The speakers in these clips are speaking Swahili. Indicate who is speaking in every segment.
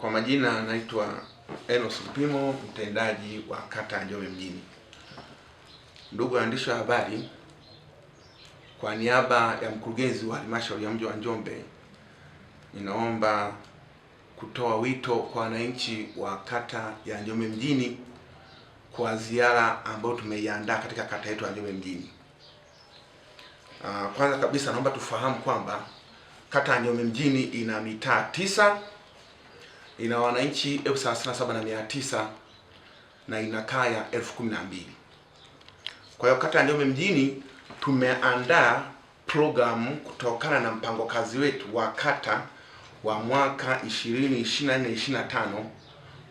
Speaker 1: Kwa majina naitwa Enos Mpimo, mtendaji wa kata ya Njombe mjini. Ndugu waandishi wa habari, kwa niaba ya mkurugenzi wa halmashauri ya mji wa Njombe, ninaomba kutoa wito kwa wananchi wa kata ya Njombe mjini kwa ziara ambayo tumeiandaa katika kata yetu ya Njombe mjini. Ah, kwanza kabisa naomba tufahamu kwamba kata ya Njombe mjini ina mitaa tisa ina wananchi elfu thelathini na saba na mia tisa na ina kaya elfu kumi na mbili. Kwa hiyo kata ya Njombe mjini tumeandaa programu kutokana na mpango kazi wetu wa kata wa mwaka 2024 25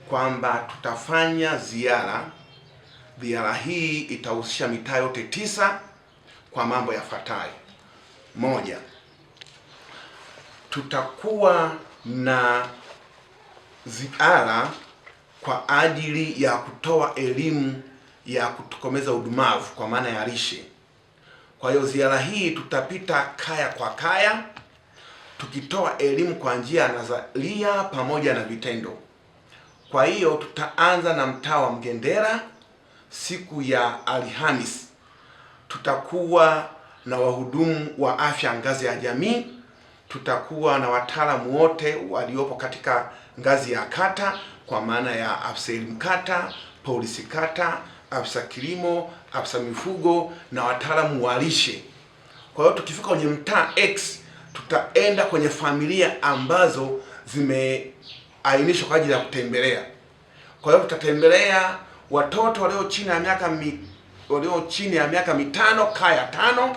Speaker 1: kwamba tutafanya ziara. Ziara hii itahusisha mitaa yote tisa kwa mambo yafuatayo: moja, tutakuwa na ziara kwa ajili ya kutoa elimu ya kutokomeza udumavu kwa maana ya lishe. Kwa hiyo ziara hii tutapita kaya kwa kaya tukitoa elimu kwa njia ya nadharia pamoja na vitendo. Kwa hiyo tutaanza na mtaa wa Mgendera siku ya Alhamisi. Tutakuwa na wahudumu wa afya ngazi ya jamii tutakuwa na wataalamu wote waliopo katika ngazi ya kata kwa maana ya afisa elimu kata, polisi kata, afisa kilimo, afisa mifugo na wataalamu wa lishe. Kwa hiyo tukifika kwenye mtaa X tutaenda kwenye familia ambazo zimeainishwa kwa ajili ya kutembelea. Kwa hiyo tutatembelea watoto walio chini ya miaka mi, walio chini ya miaka mitano kaya tano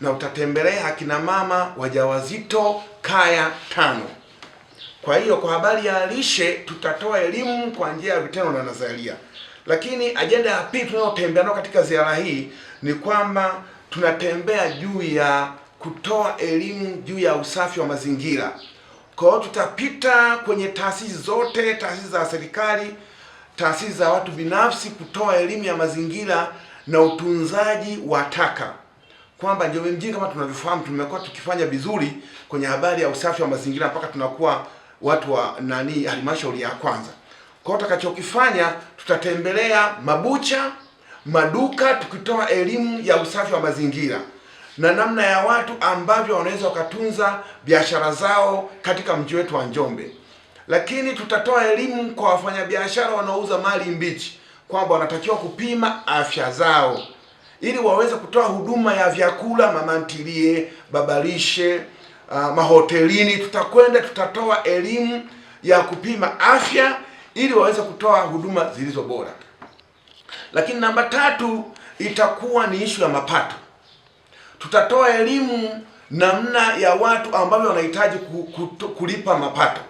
Speaker 1: na utatembelea akina mama wajawazito kaya tano. Kwa hiyo kwa habari ya lishe tutatoa elimu kwa njia ya vitendo na nazaria lakini ajenda ya pili tunayotembea nayo katika ziara hii ni kwamba tunatembea juu ya kutoa elimu juu ya usafi wa mazingira. Kwa hiyo tutapita kwenye taasisi zote, taasisi za serikali, taasisi za watu binafsi, kutoa elimu ya mazingira na utunzaji wa taka kwamba Njombe mjini kama tunavyofahamu, tumekuwa tukifanya vizuri kwenye habari ya usafi wa mazingira mpaka tunakuwa watu wa nani, halmashauri ya kwanza. Kwa hiyo tutakachokifanya, tutatembelea mabucha, maduka, tukitoa elimu ya usafi wa mazingira na namna ya watu ambavyo wanaweza wakatunza biashara zao katika mji wetu wa Njombe. Lakini tutatoa elimu kwa wafanyabiashara wanaouza mali mbichi kwamba wanatakiwa kupima afya zao ili waweze kutoa huduma ya vyakula, mama ntilie, babalishe uh, mahotelini. Tutakwenda tutatoa elimu ya kupima afya ili waweze kutoa huduma zilizo bora. Lakini namba tatu itakuwa ni ishu ya mapato. Tutatoa elimu namna ya watu ambao wanahitaji kulipa mapato,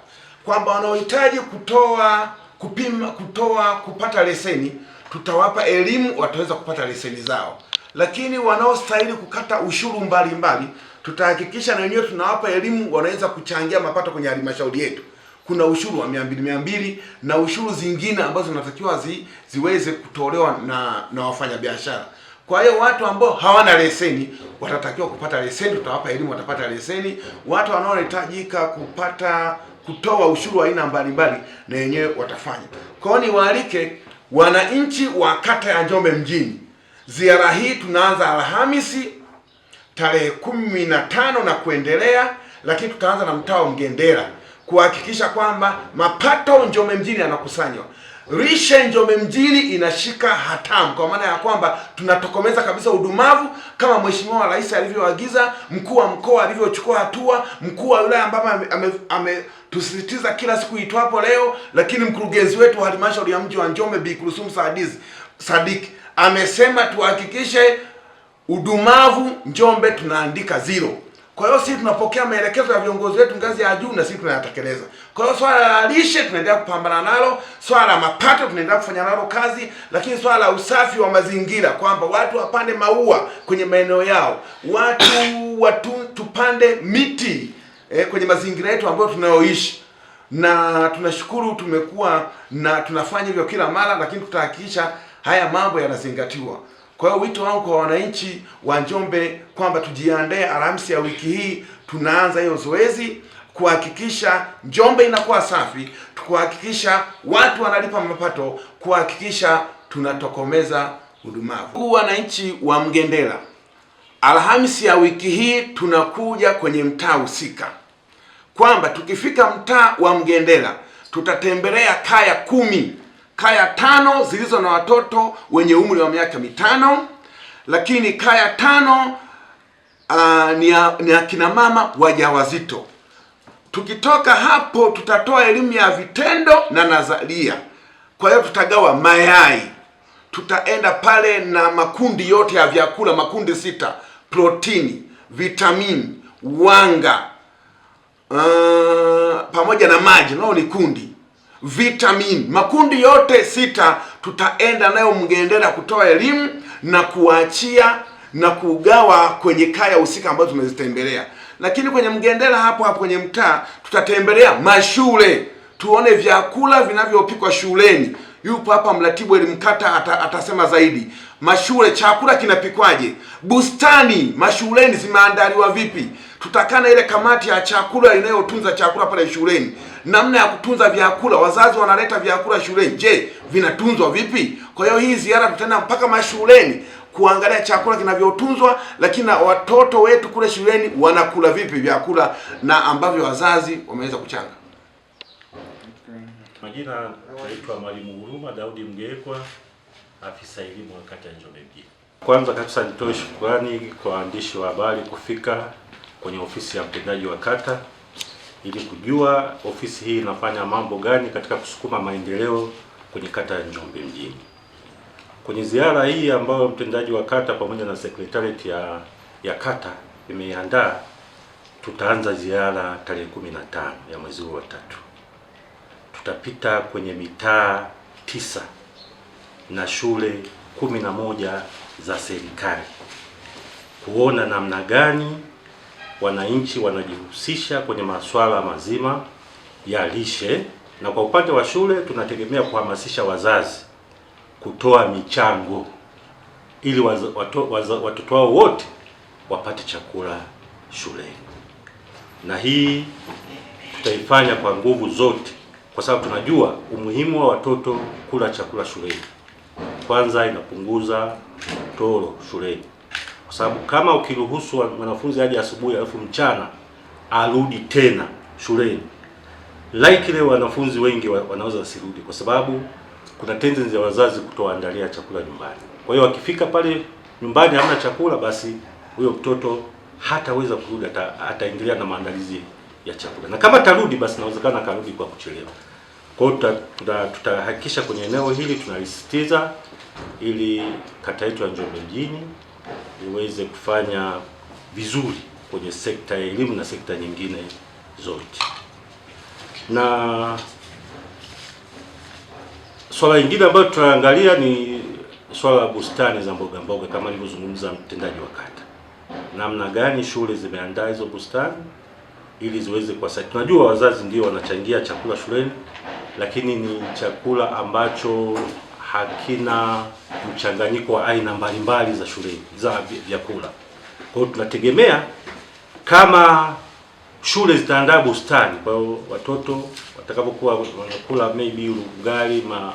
Speaker 1: kwamba wanaohitaji kutoa kupima, kutoa kupata leseni tutawapa elimu, wataweza kupata leseni zao, lakini wanaostahili kukata ushuru mbalimbali tutahakikisha na wenyewe tunawapa elimu, wanaweza kuchangia mapato kwenye halmashauri yetu. Kuna ushuru wa mia mbili mia mbili na ushuru zingine ambazo zinatakiwa zi, ziweze kutolewa na na wafanyabiashara. Kwa hiyo watu ambao hawana leseni watatakiwa kupata leseni, tutawapa elimu, watapata leseni. Watu wanaohitajika kupata kutoa ushuru wa aina mbalimbali na wenyewe watafanya. Kwa hiyo niwaalike Wananchi wa kata ya Njombe mjini, ziara hii tunaanza Alhamisi tarehe kumi na tano na kuendelea, lakini tutaanza na mtaa wa Mgendera kuhakikisha kwamba mapato Njombe mjini yanakusanywa. Lishe Njombe mjini inashika hatamu, kwa maana ya kwamba tunatokomeza kabisa udumavu kama Mheshimiwa Rais alivyoagiza, mkuu wa mkoa alivyochukua hatua, mkuu wa wilaya ambapo ame, ame, ame tusisitiza kila siku itwapo leo. Lakini mkurugenzi wetu wa halmashauri ya mji wa Njombe Bi Sadiz Sadiki amesema tuhakikishe udumavu Njombe tunaandika zero. Kwa hiyo sisi tunapokea maelekezo ya viongozi wetu ngazi ya juu na sisi tunayatekeleza. Kwa hiyo swala la lishe tunaendelea kupambana nalo, swala la mapato tunaendelea kufanya nalo kazi, lakini swala la usafi wa mazingira kwamba watu wapande maua kwenye maeneo yao, watu watu tupande miti eh, kwenye mazingira yetu ambayo tunayoishi, na tunashukuru tumekuwa na tunafanya hivyo kila mara, lakini tutahakikisha haya mambo yanazingatiwa. Kwa hiyo wito wangu kwa wananchi wa Njombe kwamba tujiandae, Alhamisi ya wiki hii tunaanza hiyo zoezi kuhakikisha Njombe inakuwa safi, kuhakikisha watu wanalipa mapato, kuhakikisha tunatokomeza udumavu. Wananchi wa Mgendela Alhamisi ya wiki hii tunakuja kwenye mtaa husika, kwamba tukifika mtaa wa Mgendela tutatembelea kaya kumi, kaya tano zilizo na watoto wenye umri wa miaka mitano, lakini kaya tano uh, ni akina mama wajawazito. Tukitoka hapo tutatoa elimu ya vitendo na nadharia. Kwa hiyo tutagawa mayai, tutaenda pale na makundi yote ya vyakula, makundi sita protini, vitamini, wanga uh, pamoja na maji, nao ni kundi vitamini. Makundi yote sita tutaenda nayo Mgendera kutoa elimu na kuachia na kugawa kwenye kaya husika ambazo tumezitembelea, lakini kwenye Mgendera hapo hapo kwenye mtaa tutatembelea mashule tuone vyakula vinavyopikwa shuleni yupo hapa mratibu elimkata ata, atasema zaidi. Mashule chakula kinapikwaje? Bustani mashuleni zimeandaliwa vipi? Tutakaa na ile kamati ya chakula inayotunza chakula pale shuleni, namna ya kutunza vyakula. Wazazi wanaleta vyakula shuleni, je, vinatunzwa vipi? Kwa hiyo hii ziara tutaenda mpaka mashuleni kuangalia chakula kinavyotunzwa, lakini na watoto wetu kule shuleni wanakula vipi vyakula na ambavyo wazazi wameweza kuchanga
Speaker 2: Majina naitwa Mwalimu Huruma Daudi Mgekwa, afisa elimu wa kata ya Njombe mjini. Kwanza kabisa nitoe shukrani kwa waandishi wa habari kufika kwenye ofisi ya mtendaji wa kata ili kujua ofisi hii inafanya mambo gani katika kusukuma maendeleo kwenye kata ya Njombe mjini. Kwenye ziara hii ambayo mtendaji wa kata pamoja na sekretarieti ya, ya kata imeiandaa, tutaanza ziara tarehe 15 ya mwezi huu wa tatu tutapita kwenye mitaa tisa na shule kumi na moja za serikali kuona namna gani wananchi wanajihusisha kwenye masuala mazima ya lishe, na kwa upande wa shule tunategemea kuhamasisha wazazi kutoa michango ili watoto wao wote wapate chakula shuleni, na hii tutaifanya kwa nguvu zote kwa sababu tunajua umuhimu wa watoto kula chakula shuleni. Kwanza inapunguza toro shuleni, kwa sababu kama ukiruhusu mwanafunzi aje asubuhi alafu mchana arudi tena shuleni, likely wanafunzi wengi wanaweza wasirudi, kwa sababu kuna tendency ya wazazi kutoandalia chakula nyumbani. Kwa hiyo wakifika pale nyumbani hamna chakula, basi huyo mtoto hataweza kurudi, ataingilia na maandalizi ya chakula, na kama tarudi, basi inawezekana akarudi kwa kuchelewa. Kwa hiyo tutahakikisha kwenye eneo hili tunalisisitiza ili kata yetu ya Njombe mjini iweze kufanya vizuri kwenye sekta ya elimu na sekta nyingine zote. Na swala lingine ambalo tunaangalia ni swala la bustani za mboga mboga, kama alivyozungumza mtendaji wa kata, namna gani shule zimeandaa hizo bustani ili ziweze kuwasaidia. Tunajua wazazi ndio wanachangia chakula shuleni, lakini ni chakula ambacho hakina mchanganyiko wa aina mbalimbali za shuleni za vyakula. Kwa hiyo tunategemea kama shule zitaandaa bustani, kwa hiyo watoto watakapokuwa wanakula maybe ugali ma,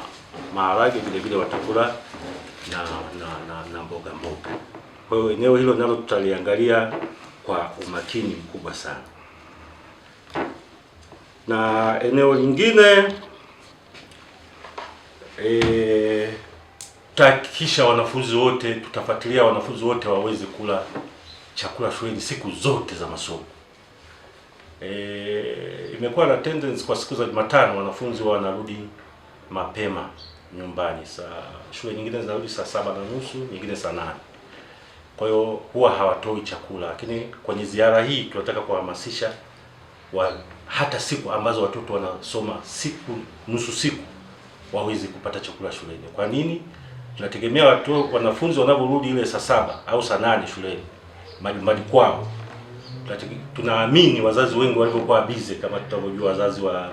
Speaker 2: maharage vile vile watakula na na, na, na mboga mboga. Kwa hiyo eneo hilo nalo tutaliangalia kwa umakini mkubwa sana, na eneo lingine e, wanafunzi wote tutafuatilia wanafunzi wote waweze kula chakula shuleni siku zote za masomo. E, imekuwa na tendency kwa siku za Jumatano wanafunzi wanarudi mapema nyumbani, sa shule nyingine zinarudi saa saba na nusu, nyingine saa nane. Kwa hiyo huwa hawatoi chakula, lakini kwenye ziara hii tunataka kuhamasisha wa hata siku ambazo watoto wanasoma siku nusu siku waweze kupata chakula shuleni. Kwa nini? Tunategemea watu wanafunzi wanaporudi ile saa saba au saa nane shuleni majumbani kwao, tunaamini wazazi wengi walivyokuwa bize, kama tutavyojua wazazi wa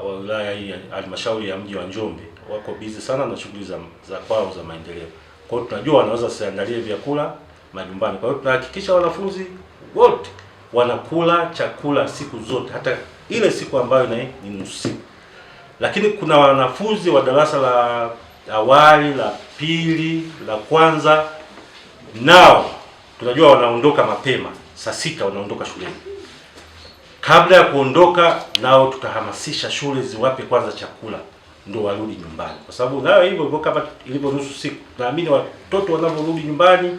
Speaker 2: wa wilaya hii halmashauri ya mji wa Njombe wako bize sana na shughuli za, za kwao za maendeleo. Kwa hiyo tunajua wanaweza siandalie vyakula majumbani. Kwa hiyo tunahakikisha wanafunzi wote wanakula chakula siku zote, hata ile siku ambayo ni nusu siku lakini kuna wanafunzi wa darasa la awali la pili la kwanza, nao tunajua wanaondoka mapema, saa sita wanaondoka shuleni. Kabla ya kuondoka nao tutahamasisha shule ziwape kwanza chakula ndio warudi nyumbani, kwa sababu nayo hivyo kama ilivyo nusu siku, naamini watoto wanaporudi nyumbani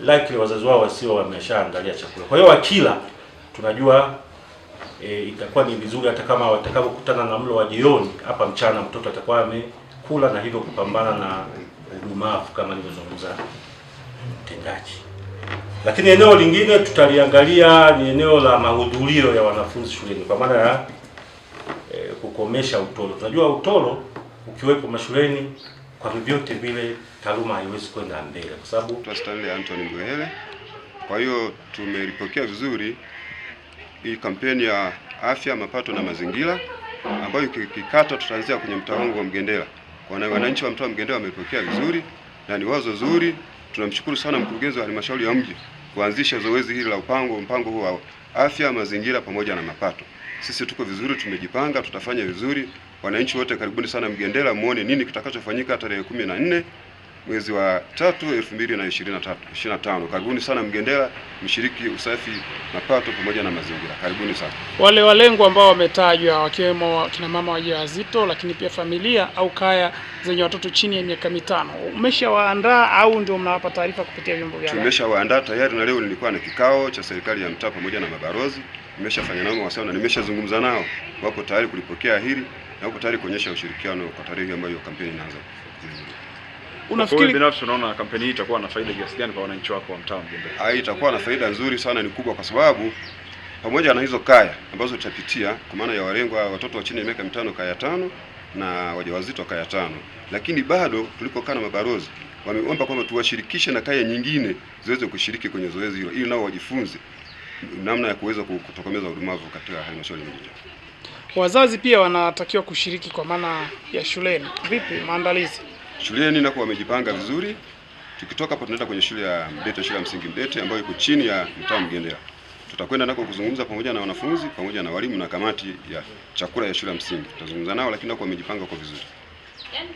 Speaker 2: likely wazazi wao wasio wameshaangalia chakula, kwa hiyo wakila tunajua e, itakuwa ni vizuri hata kama watakavyokutana na mlo wa jioni hapa mchana, mtoto atakuwa amekula na hivyo kupambana na udumavu kama nilivyozungumza mtendaji. Lakini eneo lingine tutaliangalia ni eneo la mahudhurio ya wanafunzi shuleni, kwa maana ya e, kukomesha utoro. Tunajua utoro ukiwepo mashuleni kwa vyovyote vile taaluma haiwezi kwenda mbele, kwa sababu
Speaker 3: Anthony Mwele. Kwa hiyo tumeripokea vizuri hii kampeni ya afya, mapato na mazingira ambayo kikata tutaanzia kwenye mtaa wangu wa Mgendela. Wananchi wa mtaa wa Mgendela wamepokea vizuri na ni wazo zuri. Tunamshukuru sana mkurugenzi wa halmashauri ya mji kuanzisha zoezi hili la upango mpango huu wa afya, mazingira pamoja na mapato. Sisi tuko vizuri, tumejipanga, tutafanya vizuri. Wananchi wote karibuni sana Mgendela muone nini kitakachofanyika tarehe kumi na nne mwezi wa tatu 2025. Karibuni sana Mgendela, mshiriki usafi na pato pamoja na mazingira. Karibuni sana
Speaker 4: wale walengwa ambao wametajwa wakiwemo kina mama wajawazito, lakini pia familia au kaya zenye watoto chini ya miaka mitano. Umeshawaandaa au ndio mnawapa taarifa kupitia vyombo vya
Speaker 3: Tumeshawaandaa tayari na leo nilikuwa na kikao cha serikali ya mtaa pamoja na mabarozi, nimeshafanya nao mawasiliano na nimeshazungumza nao, wako tayari kulipokea hili na wako tayari kuonyesha ushirikiano kwa tarehe ambayo kampeni inaanza unafikiri binafsi, unaona kampeni hii itakuwa na faida kiasi gani kwa wananchi wako wa mtaa Mjumbe? Ah, itakuwa na faida nzuri sana, ni kubwa, kwa sababu pamoja na hizo kaya ambazo tutapitia kwa maana ya walengwa, watoto wa chini ya miaka mitano kaya tano na wajawazito kaya tano, lakini bado tulikokaa na mabalozi wameomba kwamba tuwashirikishe na kaya nyingine ziweze kushiriki kwenye zoezi hilo, ili nao wajifunze namna ya kuweza kutokomeza udumavu katika halmashauri nyingine.
Speaker 4: Wazazi pia wanatakiwa kushiriki kwa maana ya shuleni. Vipi maandalizi?
Speaker 3: shuleni nako wamejipanga vizuri. Tukitoka hapo tunaenda kwenye shule ya Mdete, shule ya msingi Mdete ambayo iko chini ya mtaa Mgendea. Tutakwenda nako kuzungumza pamoja na wanafunzi pamoja na walimu na kamati ya chakula ya shule ya msingi, tutazungumza nao, lakini nako wamejipanga kwa vizuri. Yaani